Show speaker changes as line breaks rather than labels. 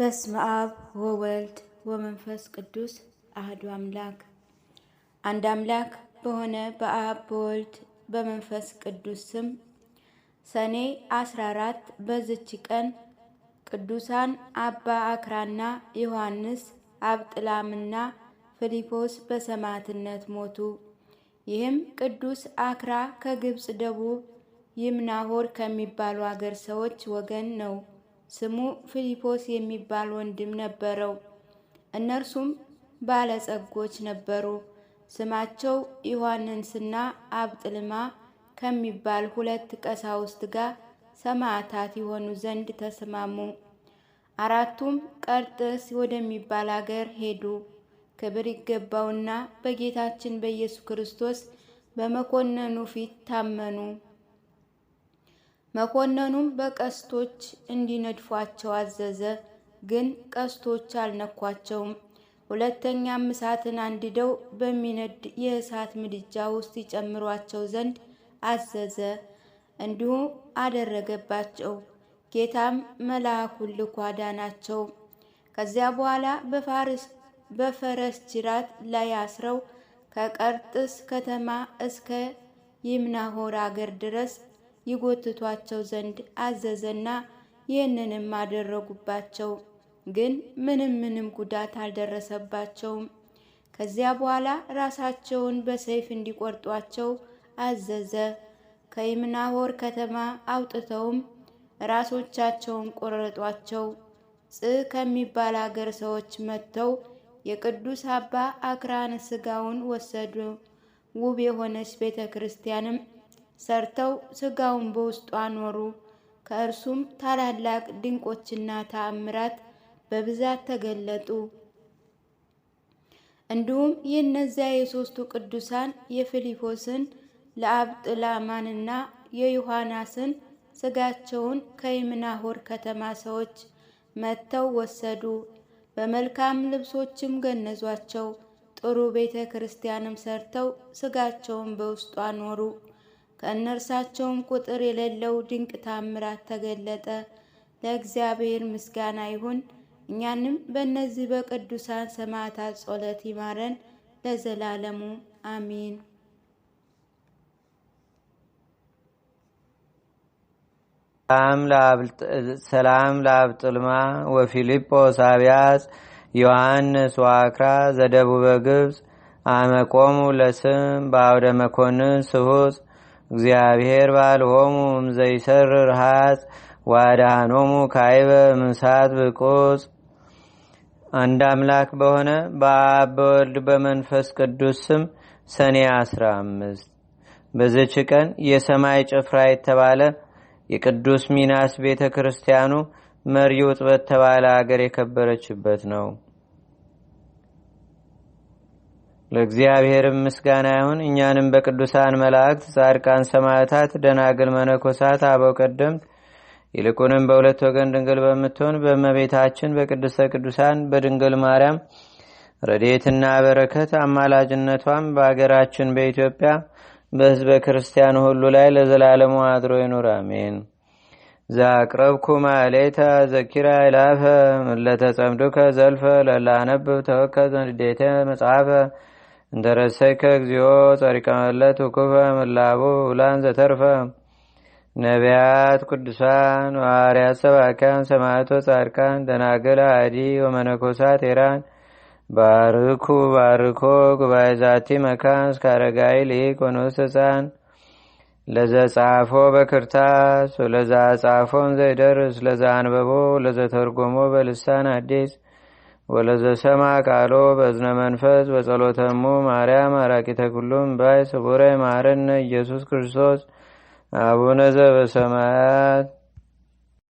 በስመ አብ ወወልድ ወመንፈስ ቅዱስ አህዱ አምላክ አንድ አምላክ በሆነ በአብ በወልድ በመንፈስ ቅዱስ ስም ሰኔ 14 በዝች ቀን ቅዱሳን አባ አክራና ዮሐንስ አብጥላምና ፊሊፖስ በሰማዕትነት ሞቱ። ይህም ቅዱስ አክራ ከግብፅ ደቡብ ይምናሆር ከሚባሉ አገር ሰዎች ወገን ነው። ስሙ ፊሊጶስ የሚባል ወንድም ነበረው። እነርሱም ባለጸጎች ነበሩ። ስማቸው ዮሐንስና አብጥልማ ከሚባል ሁለት ቀሳውስት ጋር ሰማዕታት የሆኑ ዘንድ ተስማሙ። አራቱም ቀርጥስ ወደሚባል አገር ሄዱ። ክብር ይገባውና በጌታችን በኢየሱስ ክርስቶስ በመኮንኑ ፊት ታመኑ። መኮንኑም በቀስቶች እንዲነድፏቸው አዘዘ። ግን ቀስቶች አልነኳቸውም። ሁለተኛም እሳትን አንድደው በሚነድ የእሳት ምድጃ ውስጥ ይጨምሯቸው ዘንድ አዘዘ። እንዲሁ አደረገባቸው። ጌታም መልአኩን ልኮ አዳናቸው። ከዚያ በኋላ በፈረስ ጅራት ላይ አስረው ከቀርጥስ ከተማ እስከ ይምናሆር አገር ድረስ ይጎትቷቸው ዘንድ አዘዘና ይህንንም አደረጉባቸው። ግን ምንም ምንም ጉዳት አልደረሰባቸውም። ከዚያ በኋላ ራሳቸውን በሰይፍ እንዲቆርጧቸው አዘዘ። ከይምናሆር ከተማ አውጥተውም ራሶቻቸውን ቆረጧቸው። ጽህ ከሚባል አገር ሰዎች መጥተው የቅዱስ አባ አክራን ስጋውን ወሰዱ። ውብ የሆነች ቤተ ክርስቲያንም ሰርተው ስጋውን በውስጡ አኖሩ። ከእርሱም ታላላቅ ድንቆችና ተአምራት በብዛት ተገለጡ። እንዲሁም የእነዚያ የሦስቱ ቅዱሳን የፊሊፖስን ለአብጥላማንና የዮሐናስን ስጋቸውን ከይምናሆር ከተማ ሰዎች መጥተው ወሰዱ። በመልካም ልብሶችም ገነዟቸው። ጥሩ ቤተ ክርስቲያንም ሰርተው ስጋቸውን በውስጡ አኖሩ። ከእነርሳቸውም ቁጥር የሌለው ድንቅ ታምራት ተገለጠ። ለእግዚአብሔር ምስጋና ይሁን። እኛንም በእነዚህ በቅዱሳን ሰማዕታት ጸሎት ይማረን ለዘላለሙ አሚን።
ሰላም ጥልማ ወፊልጶስ አብያስ ዮሐንስ ዋክራ ዘደቡበ ግብፅ አመቆሙ ለስም በአውደ መኮንን ስሑጽ እግዚአብሔር ባልሆሙ ዘይሰርር ሀጽ ዋዳህኖሙ ካይበ ምሳት ብቁጽ አንድ አምላክ በሆነ በአብ በወልድ በመንፈስ ቅዱስ ስም ሰኔ 15 በዘች ቀን የሰማይ ጭፍራ የተባለ የቅዱስ ሚናስ ቤተ ክርስቲያኑ መሪው ጥበት ተባለ አገር የከበረችበት ነው። ለእግዚአብሔርም ምስጋና ይሁን። እኛንም በቅዱሳን መላእክት፣ ጻድቃን፣ ሰማዕታት፣ ደናግል፣ መነኮሳት፣ አበው ቀደምት ይልቁንም በሁለት ወገን ድንግል በምትሆን በመቤታችን በቅድስተ ቅዱሳን በድንግል ማርያም ረዴትና በረከት አማላጅነቷም በአገራችን በኢትዮጵያ በህዝበ ክርስቲያን ሁሉ ላይ ለዘላለሙ አድሮ ይኑር፣ አሜን። ዛቅረብኩ ማሌተ ዘኪራ ይላፈ ምለተጸምዱከ ዘልፈ ለላነብብ ተወከ ዘንዴተ መጽሐፈ እንተ እግዚኦ ጸሪቀመለት ውክፈ ምላቡ ውላን ዘተርፈ ነቢያት ቅዱሳን ዋርያት ሰባካን ሰማቶ ጻድቃን ደናግል አዲ ወመነኮሳት ኤራን ባርኩ ባርኮ ጉባኤ ዛቲ መካን እስካረጋይ አረጋዊ ልሂቅ ወንውስተ ህፃን ለዘጻፎ በክርታስ ወለዛ ጻፎን ዘይደርስ ለዛ አንበቦ ለዘተርጎሞ በልሳን አዲስ ወለዘሰማ ቃሎ በዝነ መንፈስ በጸሎተሙ ማርያም አራቂተ ኩሉም ባይ ስቡረ ማረነ ኢየሱስ ክርስቶስ አቡነ ዘበሰማያት